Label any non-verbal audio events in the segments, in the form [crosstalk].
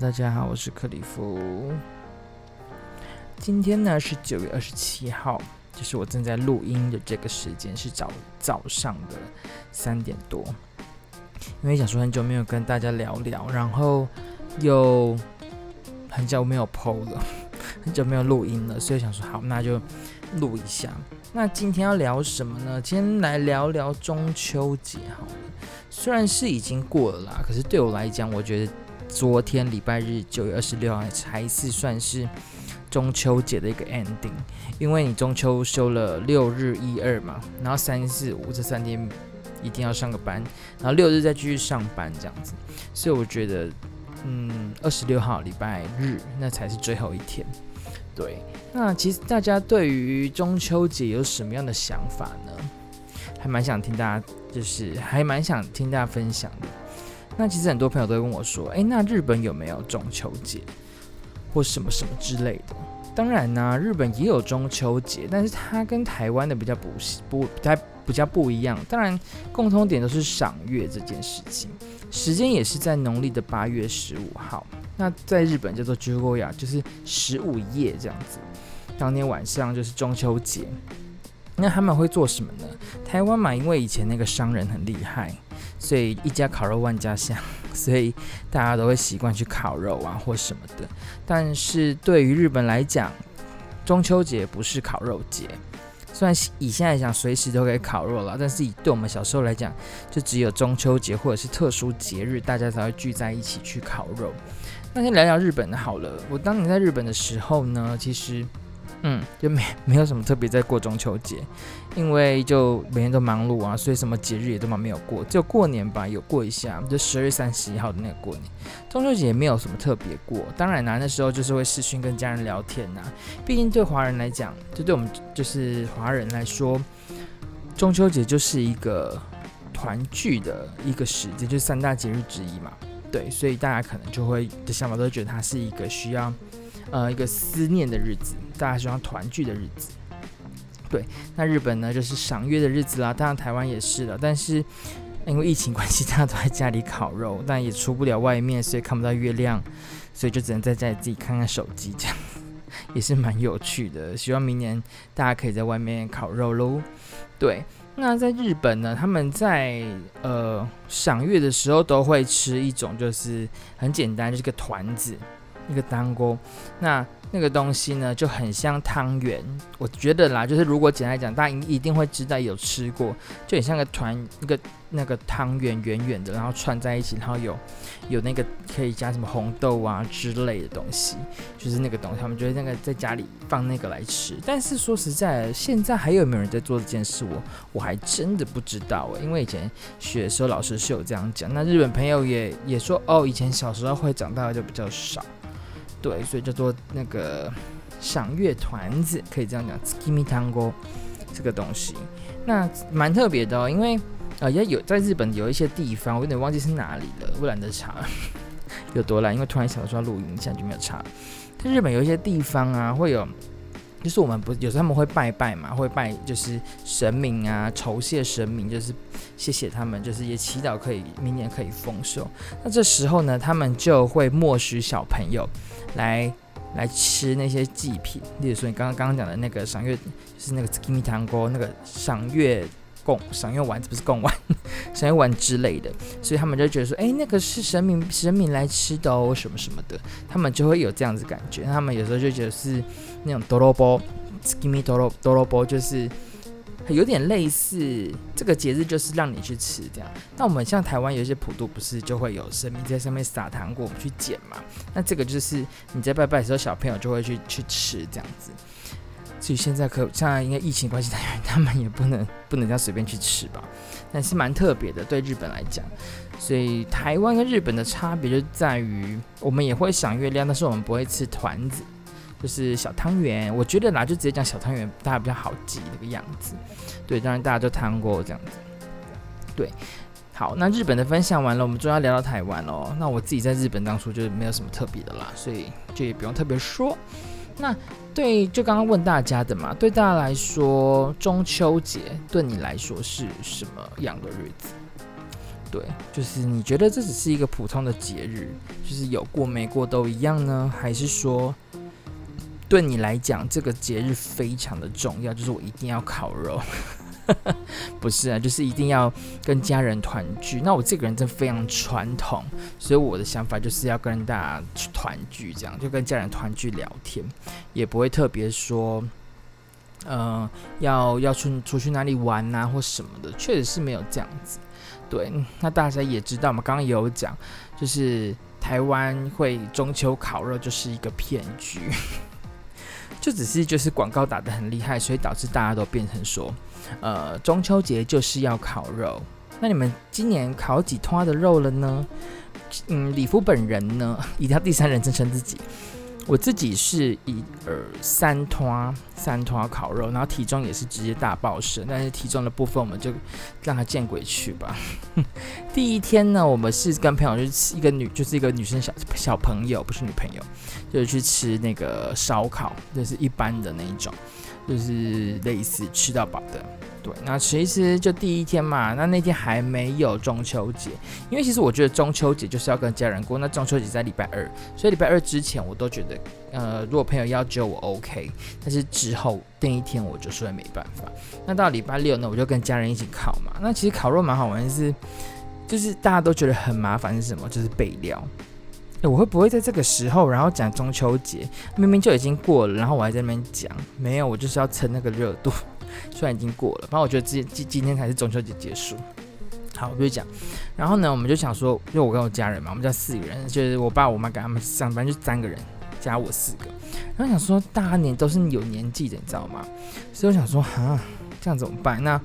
大家好，我是克里夫。今天呢是九月二十七號，就是我正在錄音的這個時間是早早上的三點多。因為想說很久沒有跟大家聊聊，然後又很久沒有 PO 了，很久沒有錄音了，所以想說好，那就錄一下。那今天要聊什麼呢？今天來聊聊中秋節好了。雖然是已經過了啦，可是對我來講，我覺得。昨天禮拜日，九月二十六號還是算是中秋節的一個 ending，因為你中秋休了六日一二嘛，然後三四五這三天一定要上個班，然後六日再繼續上班這樣子，所以我覺得，嗯，二十六號禮拜日那才是最後一天。對，那其實大家對於中秋節有什麼樣的想法呢？還蠻想聽大家，就是還蠻想聽大家分享的。那其實很多朋友都問我說，誒，那日本有沒有中秋節或什麼什麼之類的？當然呢，啊，日本也有中秋節，但是它跟台灣的比較不是不不太比較不一樣。當然，共通點都是賞月這件事情，時間也是在農曆的八月十五號。那在日本叫做「JUGOYA」，就是十五夜這樣子。當天晚上就是中秋節。那他們會做什麼呢？台灣嘛，因為以前那個商人很厲害。所以一家烤肉萬家香，所以大家都會習慣去烤肉啊或什麼的。但是對於日本來講，中秋節不是烤肉節。雖然以現在來講隨時都可以烤肉了，但是以對我們小時候來講，就只有中秋節或者是特殊節日，大家才會聚在一起去烤肉。那先聊聊日本的好了。我當年在日本的時候呢，其實。嗯，就沒沒有什麼特別在過中秋節，因為就每天都忙碌啊，所以什麼節日也都沒有過，只有過年吧，有過一下，就十二月三十一號的那個過年。中秋節也沒有什麼特別過，當然啦，那時候就是會視訊跟家人聊天吶、啊。畢竟對華人來講，就對我們就是華人來說，中秋節就是一個團聚的一個時間，就是，三大節日之一嘛。對，所以大家可能就會的想法都覺得它是一個需要。呃，一個思念的日子，大家喜歡團聚的日子。對，那日本呢，就是賞月的日子啦，當然台灣也是了。但是因為疫情關係，大家都在家裡烤肉，但也出不了外面，所以看不到月亮，所以就只能在家裡自己看看手機，這樣也是蠻有趣的。希望明年大家可以在外面烤肉嘍。對，那在日本呢，他們在呃賞月的時候都會吃一種，就是很簡單，就是一個團子。一個單鍋，那那個東西呢，就很像湯圓。我覺得啦，就是如果簡單來講，大家一定會知道有吃過，就很像個團，那個那個湯圓圓圓的，然後串在一起，然後有有那個可以加什麼紅豆啊之類的東西，就是那個東西。他們覺得那個在家裡放那個來吃。但是說實在，現在還有沒有人在做這件事，我我還真的不知道欸。因為以前學的時候，老師是有這樣講。那日本朋友也也說，哦，以前小時候會，長大的就比較少。對，所以叫做那個賞月團子，可以這樣講 tsukimi dango 這個東西，那蠻特別的，哦，因為啊、呃，也有在日本有一些地方，我有點忘記是哪裡了，我懶得查， [laughs] 有多懶，因為突然想到說要錄音，現在就沒有查。在日本有一些地方啊，會有，就是我們不是，有時候他們會拜拜嘛，會拜就是神明啊，酬謝神明，就是。謝謝他們，就是也祈禱可以明年可以豐收。那這時候呢，他們就會默許小朋友來來吃那些祭品，例如說你剛剛剛剛講的那個賞月，就是那個芝米糖糕，那個賞月供、賞月丸子，不是貢丸呵呵，賞月丸之類的。所以他們就覺得說，哎、欸，那個是神明神明來吃的哦，什麼什麼的，他們就會有這樣子感覺。他們有時候就覺得是那種哆羅波，芝麻多羅多羅波，就是。有點類似，這個節日就是讓你去吃這樣。那我們像台灣有一些普渡，不是就會有神明在上面撒糖果，我們去撿嘛。那這個就是你在拜拜的時候，小朋友就會去去吃這樣子。所以現在可像應該疫情關係，太遠，他們也不能不能這樣隨便去吃吧。但是蠻特別的，對日本來講。所以台灣跟日本的差別就在於，我們也會賞月亮，但是我們不會吃糰子。就是小湯圓，我覺得啦，就直接講小湯圓，大家比較好記那個樣子。對，當然大家都談過這樣子。對，好，那日本的分享完了，我們終於要聊到台灣了。那我自己在日本當初就是沒有什麼特別的啦，所以就也不用特別說。那對，就剛剛問大家的嘛，對大家來說，中秋節對你來說是什麼樣的日子？對，就是你覺得這只是一個普通的節日，就是有過沒過都一樣呢，還是說？對你來講，這個節日非常的重要，就是我一定要烤肉， [laughs] 不是啊，就是一定要跟家人團聚。那我這個人真非常傳統，所以我的想法就是要跟大家去團聚，這樣就跟家人團聚聊天，也不會特別說，嗯、呃、要要去出去哪裡玩啊或什麼的，確實是沒有這樣子。對，那大家也知道嘛，剛剛也有講，就是台灣會中秋烤肉就是一個騙局。就只是就是廣告打得很厲害，所以導致大家都變成說，呃，中秋節就是要烤肉。那你們今年烤幾坨的肉了呢？嗯，里夫本人呢，一定要第三人自稱自己，我自己是一二三坨，三坨烤肉，然後體重也是直接大爆升，但是體重的部分我們就讓他見鬼去吧。 [laughs] 第一天呢，我們是跟朋友去吃一個女，就是一個女生小小朋友，不是女朋友，就是去吃那個燒烤，就是一般的那一種，就是類似吃到飽的。對，那其實就第一天嘛，那那天還沒有中秋節，因為其實我覺得中秋節就是要跟家人過，那中秋節在禮拜二，所以禮拜二之前我都覺得，呃，如果朋友要求我 OK，但是之後那一天我就說沒辦法。那到禮拜六呢，我就跟家人一起烤嘛。那其實烤肉蠻好玩，就是。就是大家都覺得很麻煩是什麼？就是備料。哎，我會不會在這個時候，然後講中秋節，明明就已經過了，然後我還在那邊講，沒有，我就是要蹭那個熱度，雖然已經過了，反正我覺得今天今天才是中秋節結束。好，我就講，然後呢，我們就想說，因為我跟我家人嘛，我們家四個人，就是我爸我媽跟他們上班就三個人，加我四個，然後想說，大年都是有年紀的，你知道嗎？所以我想說，啊，這樣怎麼辦？那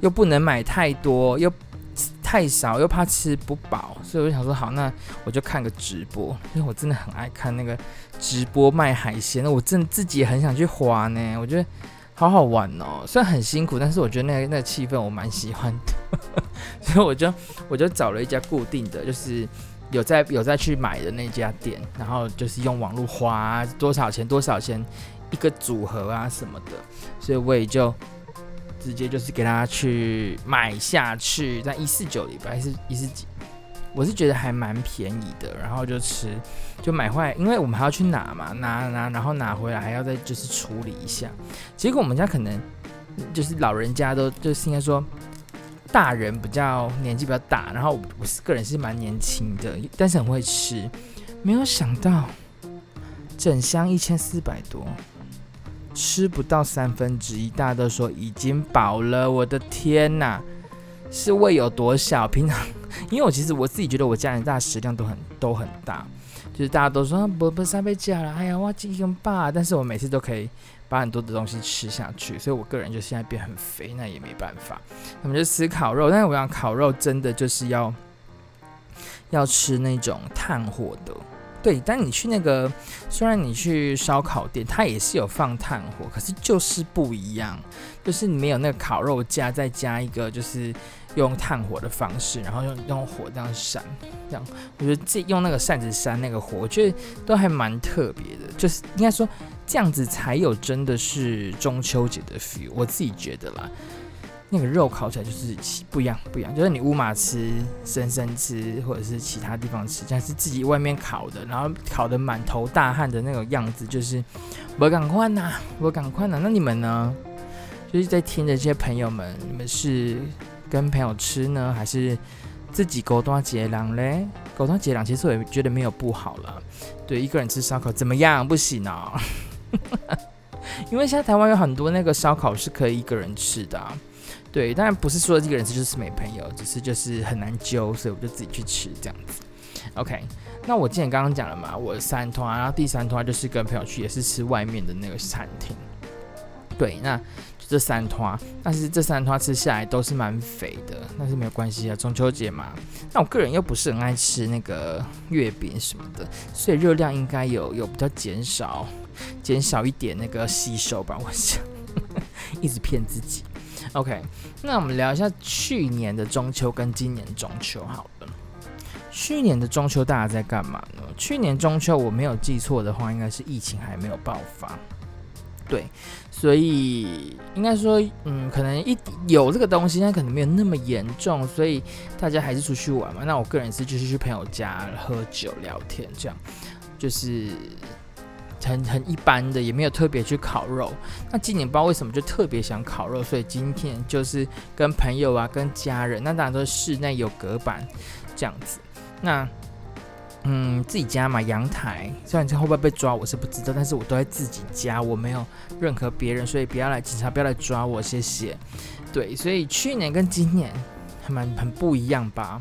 又不能買太多，又。太少又怕吃不飽，所以我就想說好，那我就看個直播，因為我真的很愛看那個直播賣海鮮，我真的自己也很想去花呢，我覺得好好玩哦，雖然很辛苦，但是我覺得那個、那個氣氛我蠻喜歡的， [laughs] 所以我就我就找了一家固定的，就是有在有在去買的那家店，然後就是用網絡花、啊、多少錢多少錢一個組合啊什麼的，所以我也就。直接就是給他去買下去，在一四九裡吧，是一四幾，我是覺得還蠻便宜的，然後就吃，就買回來，因為我們還要去拿嘛，拿拿，然後拿回來還要再就是處理一下。結果我們家可能就是老人家都就是應該說大人比較年紀比較大，然後我，我是個人是蠻年輕的，但是很會吃，沒有想到整箱一千四百多。吃不到三分之一，大家都說已經飽了。我的天吶、啊，是胃有多小？平常因為我其實我自己覺得我家人大的食量都很都很大，就是大家都說、啊、不不三杯雞了，哎呀我幾根吧。但是我每次都可以把很多的東西吃下去，所以我個人就現在變很肥，那也沒辦法。他們就吃烤肉，但是我想烤肉真的就是要要吃那種炭火的。對，但你去那個，雖然你去燒烤店，它也是有放炭火，可是就是不一樣，就是沒有那個烤肉架再加一個就是用炭火的方式，然後用用火這樣扇，這樣我覺得自己用那個扇子扇那個火，我覺得都還蠻特別的，就是應該說這樣子才有真的是中秋節的 feel，我自己覺得啦。那個肉烤起來就是不一樣，不一樣，就是你烏馬吃、生生吃，或者是其他地方吃，像是自己外面烤的，然後烤得滿頭大汗的那種樣子，就是我趕快吶，我趕快吶。那你們呢？就是在聽這些朋友們，你們是跟朋友吃呢，還是自己勾搭結黨嘞？勾搭結黨其實我也覺得沒有不好了。對，一個人吃燒烤怎麼樣？不行啊、喔， [laughs] 因為現在台灣有很多那個燒烤是可以一個人吃的、啊。對，當然不是說這個人是就是沒朋友，只是就是很難揪，所以我就自己去吃這樣子。OK，那我之前剛剛講了嘛，我三攤，然後第三攤就是跟朋友去，也是吃外面的那個餐廳。對，那這三攤，但是這三攤吃下來都是蠻肥的，但是沒有關係啊，中秋節嘛。那我個人又不是很愛吃那個月餅什麼的，所以熱量應該有有比較減少，減少一點那個吸收吧，我想，一直騙自己。OK，那我們聊一下去年的中秋跟今年中秋好了。去年的中秋大家在幹嘛呢？去年中秋我沒有記錯的話，應該是疫情還沒有爆發，對，所以應該說，嗯，可能一有這個東西，它可能沒有那麼嚴重，所以大家還是出去玩嘛。那我個人是就是去朋友家喝酒聊天這樣，就是。很很一般的，也沒有特別去烤肉。那今年不知道為什麼就特別想烤肉，所以今天就是跟朋友啊、跟家人。那當然都是室內有隔板這樣子。那嗯，自己家嘛，陽台。雖然這會不會被抓，我是不知道，但是我都在自己家，我沒有任何別人，所以不要來警察，不要來抓我，謝謝。對，所以去年跟今年還蠻很不一樣吧。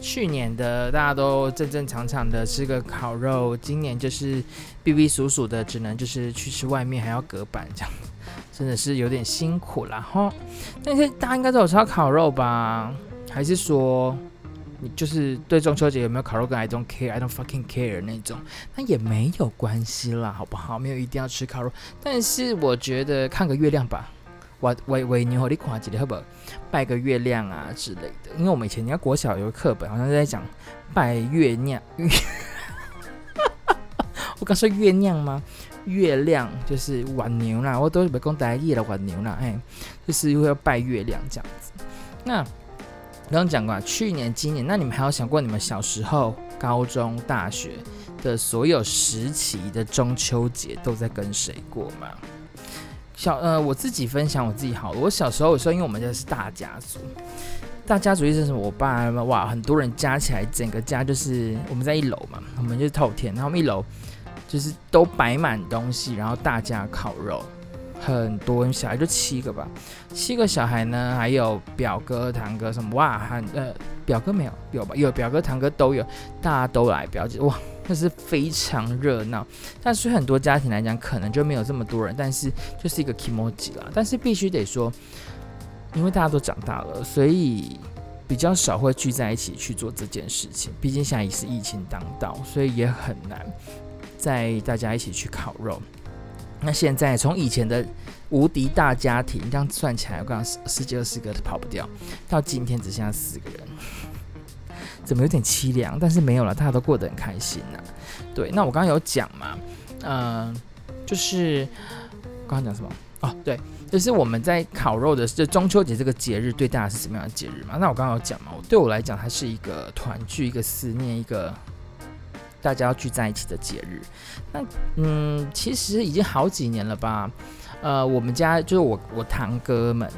去年的大家都正正常常的吃個烤肉，今年就是逼逼數數的，只能就是去吃外面還要隔板這樣子，真的是有點辛苦啦哈。但、哦、是大家應該都有吃到烤肉吧？還是說你就是對中秋節有沒有烤肉跟 I don't care, I don't fucking care 那種，那也沒有關係啦，好不好？沒有一定要吃烤肉，但是我覺得看個月亮吧。我餵餵牛哦，你看幾裡好不好？拜個月亮啊之類的，因為我們以前人家國小有個課本，好像在講拜月亮。 [laughs] 我剛說月亮嗎？月亮就是餵牛啦，我都是不講大家夜了餵牛啦，哎、欸，就是有要拜月亮這樣子。那剛剛講過，去年、今年，那你們還有想過你們小時候、高中、大學的所有時期的中秋節都在跟誰過嗎？小呃，我自己分享我自己好了，我小時候有時候因為我們家是大家族，大家族意思是什麼？我爸哇，很多人加起來，整個家就是我們在一樓嘛，我們就是透天，然後一樓就是都擺滿東西，然後大家烤肉，很多小孩就七個吧，七個小孩呢，還有表哥、堂哥什麼哇，很呃，表哥沒有，有吧？有表哥、堂哥都有，大家都來，表姐哇。那是非常熱鬧，但是很多家庭來講，可能就沒有這麼多人，但是就是一個 kimoji 啦。但是必須得說，因為大家都長大了，所以比較少會聚在一起去做這件事情。畢竟現在已是疫情當道，所以也很難再大家一起去烤肉。那現在從以前的無敵大家庭，這樣算起來，我剛剛十十幾個、二十個都跑不掉，到今天只剩下四個人。怎麼有點淒涼？但是沒有了，大家都過得很開心呢。對，那我剛剛有講嘛，嗯、呃，就是剛剛講什麼？哦，對，就是我們在烤肉的，這中秋節這個節日，對大家是什麼樣的節日嘛？那我剛剛有講嘛，對我來講，它是一個團聚、一個思念、一個大家要聚在一起的節日。那嗯，其實已經好幾年了吧？呃，我們家就是我我堂哥們。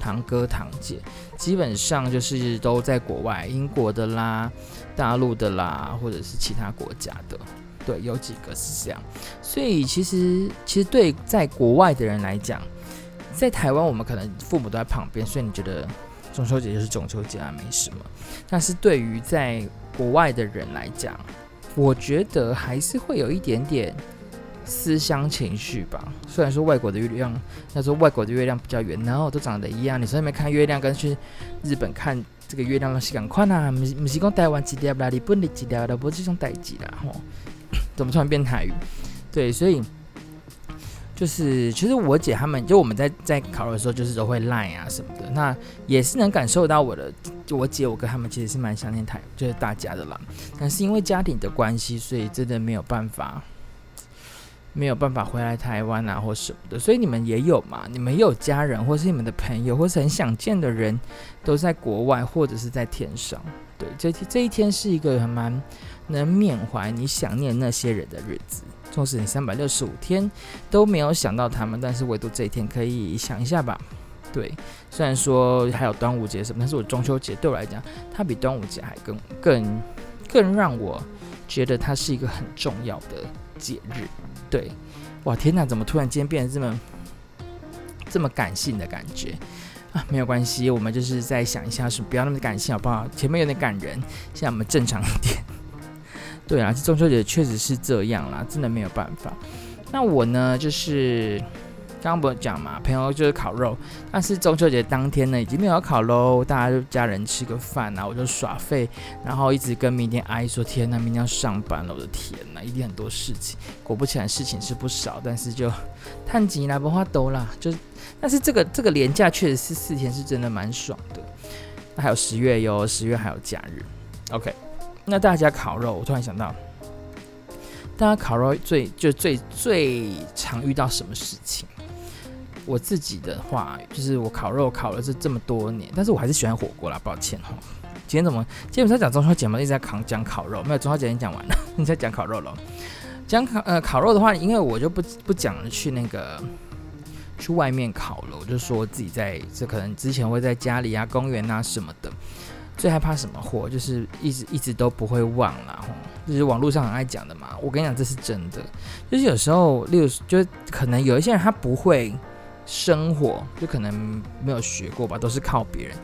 堂哥堂姐基本上就是都在國外，英國的啦、大陸的啦，或者是其他國家的。對，有幾個是這樣。所以其實其實對在國外的人來講，在台灣我們可能父母都在旁邊，所以你覺得中秋節就是中秋節啊，沒什麼。但是對於在國外的人來講，我覺得還是會有一點點。思鄉情緒吧，雖然說外國的月亮，那時候外國的月亮比較圓，然、no, 後都長得一樣，你說你面看月亮跟去日本看這個月亮是共款啊，不是不是講台灣幾條啦，日本幾條不這種代誌啦，吼， [coughs] 怎麼突然變台語？對，所以就是其實、就是、我姐他們就我們在在考的時候就是都會賴啊什麼的，那也是能感受到我的，我姐我哥他們其實是蠻想念台，就是大家的啦，但是因為家庭的關係，所以真的沒有辦法。沒有辦法回來台灣啊，或什麼的，所以你們也有嘛？你們也有家人，或是你們的朋友，或是很想見的人，都在國外，或者是在天上。對，這這一天是一個很蠻能緬懷你想念那些人的日子。縱使你三百六十五天都沒有想到他們，但是唯獨這一天可以想一下吧。對，雖然說還有端午節什麼，但是我中秋節對我來講，它比端午節還更更更讓我覺得它是一個很重要的。節日，對，哇天哪，怎麼突然間變得這麼這麼感性的感覺啊？沒有關係，我們就是再想一下，是不要那麼感性好不好？前面有點感人，現在我們正常一點。對啊，中秋節確實是這樣啦，真的沒有辦法。那我呢，就是。剛剛不是講嘛，朋友就是烤肉，但是中秋節當天呢，已經沒有烤肉，大家就家人吃個飯啊，我就耍廢，然後一直跟明天阿姨說，天吶，明天要上班了，我的天吶，一定很多事情。果不其然，事情是不少，但是就嘆氣啦，不花兜啦，就但是這個這個連假確實是四天，是真的蠻爽的。那還有十月喲，十月還有假日，OK，那大家烤肉，我突然想到，大家烤肉最就最最常遇到什麼事情？我自己的話，就是我烤肉烤了這這麼多年，但是我還是喜歡火鍋啦。抱歉哈，今天怎麼基本上講中秋節嘛，一直在講講烤肉，沒有中秋節已經講完了，你 [laughs] 在講烤肉咯？講烤呃烤肉的話，因為我就不不講去那個去外面烤了，我就說自己在這可能之前會在家裡啊、公園啊什麼的。最害怕什麼火？就是一直一直都不會忘啦。哈，就是網絡上很愛講的嘛。我跟你講，這是真的，就是有時候，例如就可能有一些人他不會。生火就可能沒有學過吧，都是靠別人，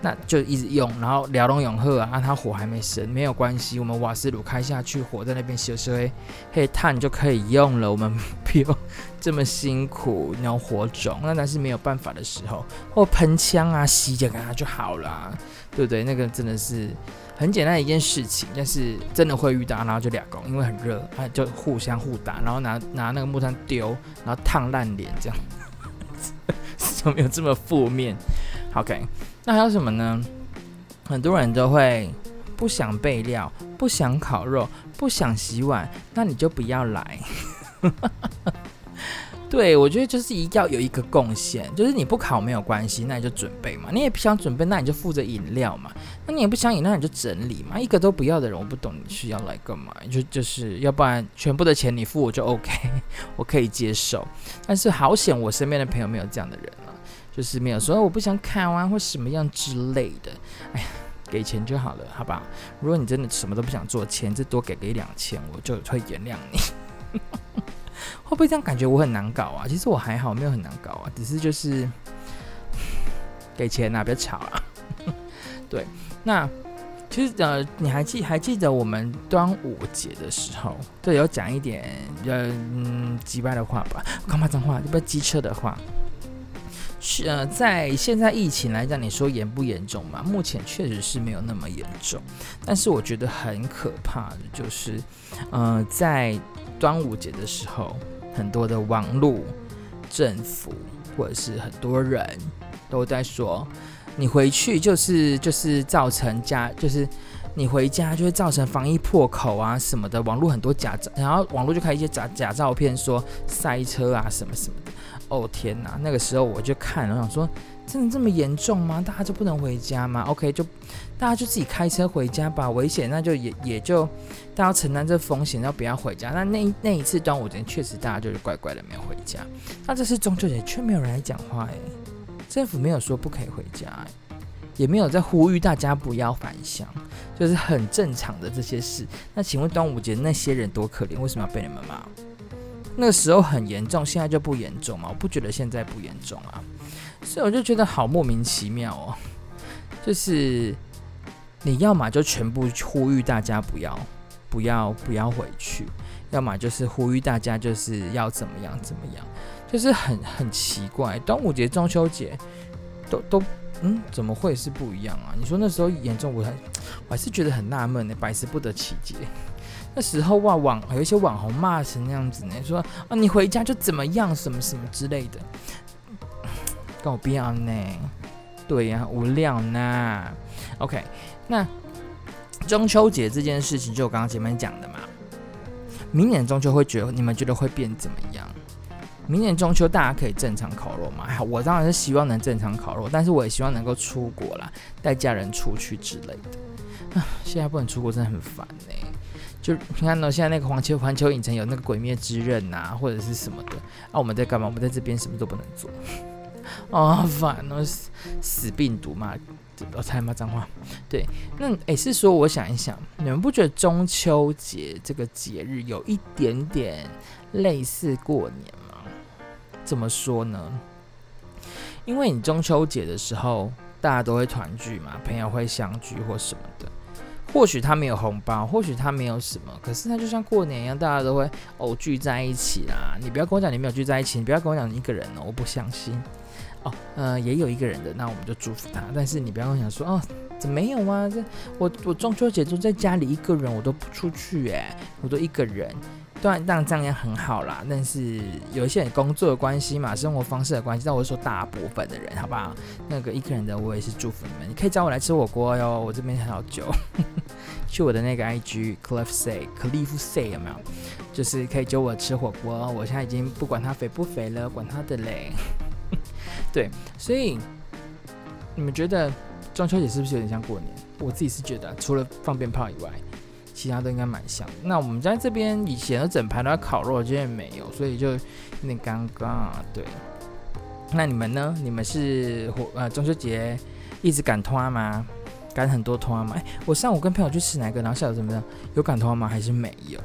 那就一直用，然後遼東永鶴啊，他、啊、火還沒生，沒有關係，我們瓦斯爐開下去，火在那邊燒燒，嘿，炭就可以用了，我們不用這麼辛苦，然後火種。那但是沒有辦法的時候，或噴槍啊，洗個啊它就好啦，啊，對不對？那個真的是很簡單一件事情，但是真的會遇到，然後就倆工，因為很熱，就互相互打，然後拿拿那個木炭丟，然後燙爛臉這樣。都沒有這麼負面？OK，那還有什麼呢？很多人都會不想備料，不想烤肉，不想洗碗，那你就不要來。 [laughs] 對我覺得就是一定要有一個貢獻，就是你不烤沒有關係，那你就準備嘛。你也不想準備，那你就負責飲料嘛。那你也不想飲料，那你就整理嘛。一個都不要的人，我不懂你需要來幹嘛？就就是要不然全部的錢你付，我就 OK，我可以接受。但是好險，我身邊的朋友沒有這樣的人。就是沒有，所以我不想看完或什麼樣之類的，哎呀，給錢就好了，好吧？如果你真的什麼都不想做，錢再多給個一兩千，我就會原諒你。 [laughs] 會不會這樣感覺我很難搞啊？其實我還好，沒有很難搞啊，只是就是 [laughs] 給錢啊，不要吵啊。 [laughs] 對，那其實呃，你還記還記得我們端午節的時候，對，有講一點呃嗯機掰的話吧？我幹嘛髒話？要不要機車的話？是呃，在現在疫情來講，你說嚴不嚴重嘛？目前確實是沒有那麼嚴重，但是我覺得很可怕的就是，呃，在端午節的時候，很多的網絡政府或者是很多人都在說，你回去就是就是造成家就是你回家就會造成防疫破口啊什麼的，網絡很多假照，然後網絡就開一些假假照片，說塞車啊什麼什麼的。哦，天哪，那個時候我就看了，我想說，真的這麼嚴重嗎？大家就不能回家嗎？OK，就大家就自己開車回家吧，危險，那就也也就大家承擔這風險，要不要回家。那那那一次端午節確實大家就是乖乖的沒有回家。那這次中秋節卻沒有人來講話，欸，哎，政府沒有說不可以回家，欸，哎，也沒有在呼籲大家不要返鄉，就是很正常的這些事。那請問端午節那些人多可憐，為什麼要被你們罵？那個時候很嚴重，現在就不嚴重嘛？我不覺得現在不嚴重啊，所以我就覺得好莫名其妙哦。就是你要麼就全部呼籲大家不要、不要、不要回去，要麼就是呼籲大家就是要怎麼樣、怎麼樣，就是很很奇怪。端午節、中秋節都都嗯，怎麼會是不一樣啊？你說那時候嚴重，我還我還是覺得很納悶、欸，百思不得其解。那時候哇，網有一些網紅罵成那樣子呢，說啊、哦、你回家就怎麼樣，什麼什麼之類的，搞必要呢？對呀、啊，無聊吶、啊。OK，那中秋節這件事情就我剛剛前面講的嘛。明年中秋會覺得你們覺得會變怎麼樣？明年中秋大家可以正常烤肉嗎？我當然是希望能正常烤肉，但是我也希望能夠出國啦，帶家人出去之類的。啊，現在不能出國真的很煩呢。就你看，到現在那個環球環球影城有那個《鬼滅之刃》啊吶，或者是什麼的啊？我們在幹嘛？我們在這邊什麼都不能做。啊、 [laughs] 哦，好煩、哦！那死，死病毒嘛，我才罵髒話。對，那誒、欸，是說我想一想，你們不覺得中秋節這個節日有一點點類似過年嗎？怎麼說呢？因為你中秋節的時候，大家都會團聚嘛，朋友會相聚或什麼的。或許他沒有紅包，或許他沒有什麼，可是他就像過年一樣，大家都會哦聚在一起啦。你不要跟我講你沒有聚在一起，你不要跟我講你一個人哦，我不相信。哦，呃，也有一個人的，那我們就祝福他。但是你不要跟我講說哦，怎麼沒有啊，這我我中秋節都在家裡一個人，我都不出去，欸，哎，我都一個人。當然，這樣也很好啦。但是有一些人工作的關係嘛，生活方式的關係。那我是說大部分的人，好不好？那個一個人的，我也是祝福你們。你可以找我來吃火鍋喲，我這邊還有酒。 [laughs] 去我的那個 IG Cliffsay Cliffsay 有沒有？就是可以揪我吃火鍋。我現在已經不管他肥不肥了，管他的嘞。 [laughs] 對，所以你們覺得中秋節是不是有點像過年？我自己是覺得，除了放鞭炮以外。其他都應該蠻像。那我們在這邊以前的整排都要烤肉，今天沒有，所以就有點尷尬。對，那你們呢？你們是火呃中秋節一直趕攤嗎？趕很多攤嗎？哎、欸，我上午跟朋友去吃那個，然後下午怎麼樣？有趕攤嗎？還是沒有？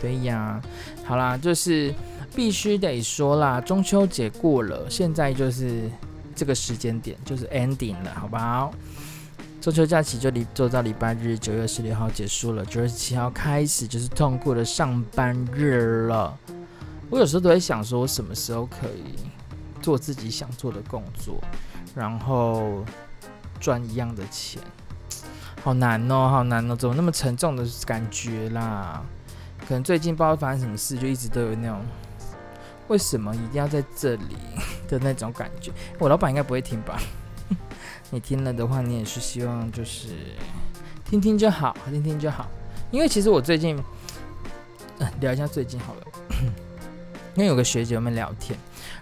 對呀、啊，好啦，就是必須得說啦，中秋節過了，現在就是這個時間點就是 ending 了，好不好？中秋假期就離做到禮拜日九月十六號結束了，九月十七號開始就是痛苦的上班日了。我有時候都會想說，我什麼時候可以做自己想做的工作，然後賺一樣的錢？好難哦、喔，好難哦、喔，怎麼那麼沉重的感覺啦？可能最近不知道發生什麼事，就一直都有那種為什麼一定要在這裡的那種感覺。我老板應該不會聽吧？你聽了的話，你也是希望就是聽聽就好，聽聽就好。因為其實我最近，嗯、呃，聊一下最近好了。因為 [coughs] 有個學姐我們聊天，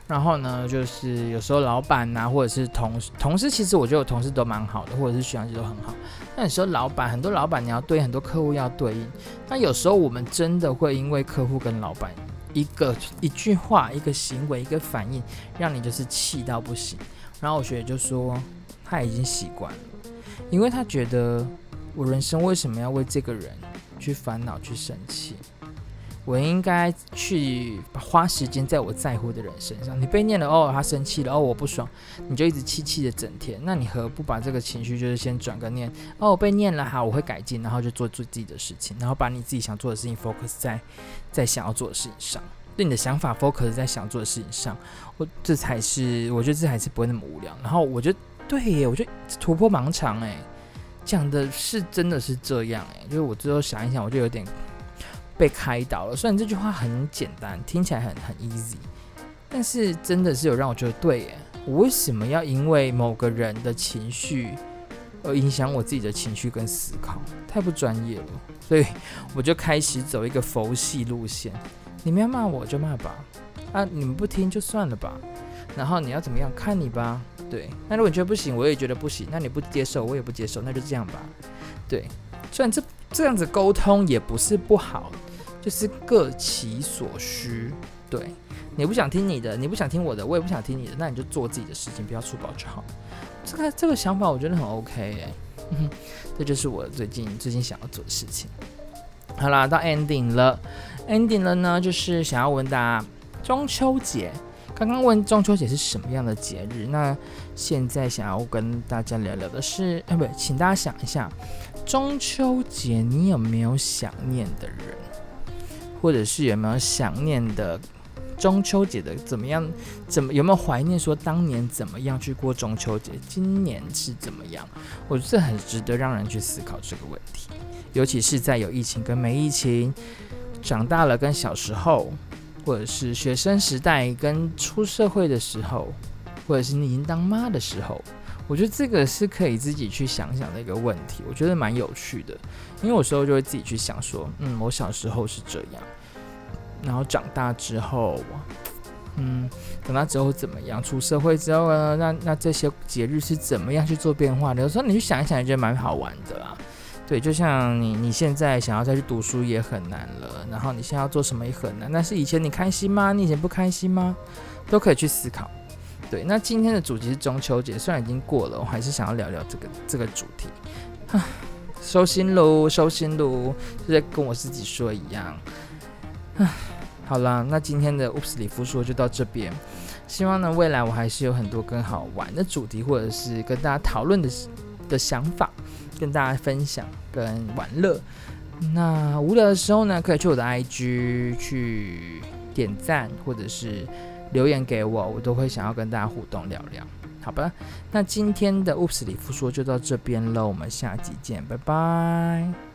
然後呢，就是有時候老板啊，或者是同同事，其實我覺得我同事都蠻好的，或者是學長姐都很好。那有時候老板，很多老板你要對很多客戶要對應。那有時候我們真的會因為客戶跟老板一個一句話、一個行為、一個反應，讓你就是氣到不行。然後我學姐就說。他已經習慣了，因為他覺得我人生為什麼要為這個人去煩惱、去生氣？我應該去花時間在我在乎的人身上。你被念了哦，他生氣了哦，我不爽，你就一直氣氣的整天。那你何不把這個情緒就是先轉個念？哦，我被念了，哈，我會改進，然後就做做自己的事情，然後把你自己想做的事情 focus 在在想要做的事情上，對你的想法 focus 在想做的事情上，我這才是我覺得這才是不會那麼無聊。然後我覺得。對耶，我就突破盲腸誒，講的是真的是這樣誒，就是我之後想一想，我就有點被開導了。雖然這句話很簡單，聽起來很很 easy，但是真的是有讓我覺得對耶。我為什麼要因為某個人的情緒而影響我自己的情緒跟思考？太不專業了。所以我就開始走一個佛系路線。你們要罵我就罵吧，啊，你們不聽就算了吧。然後你要怎麼樣？看你吧，對。那如果你覺得不行，我也覺得不行。那你不接受，我也不接受。那就這樣吧，對。雖然這這樣子溝通也不是不好，就是各取所需，對。你不想聽你的，你不想聽我的，我也不想聽你的。那你就做自己的事情，不要出包就好。這個這個想法我覺得很 OK 欸，呵呵，這就是我最近最近想要做的事情。好啦，到 ending 了，ending 了呢，就是想要問大家中秋節。剛剛問中秋節是什麼樣的節日，那現在想要跟大家聊聊的是，哎，不，請大家想一下，中秋節你有沒有想念的人？或者是有沒有想念的中秋節的怎麼樣，怎麼有沒有懷念說當年怎麼樣去過中秋節，今年是怎麼樣？我覺得這很值得讓人去思考這個問題，尤其是在有疫情跟沒疫情，長大了跟小時候。或者是學生時代跟出社會的時候，或者是你已經當媽的時候，我覺得這個是可以自己去想想的一個問題，我覺得蠻有趣的。因為我有時候就會自己去想說，嗯，我小時候是這樣，然後長大之後，嗯，長大之後怎麼樣？出社會之後呢？那那這些節日是怎麼樣去做變化的？有時候你去想一想，也覺得蠻好玩的啦。對，就像你你現在想要再去讀書也很難了，然後你現在要做什麼也很難。但是以前你開心嗎？你以前不開心嗎？都可以去思考。對，那今天的主題是中秋節，雖然已經過了，我還是想要聊聊這個這個主題。收心嘍，收心嘍，就在跟我自己說一樣。好了，那今天的 Oops 里夫說就到這邊。希望呢，未來我還是有很多更好玩的主題，或者是跟大家討論的的想法。跟大家分享跟玩樂，那無聊的時候呢，可以去我的 IG 去點讚或者是留言給我，我都會想要跟大家互動聊聊，好吧？那今天的 Oops 里夫說就到這邊了，我們下集見，拜拜。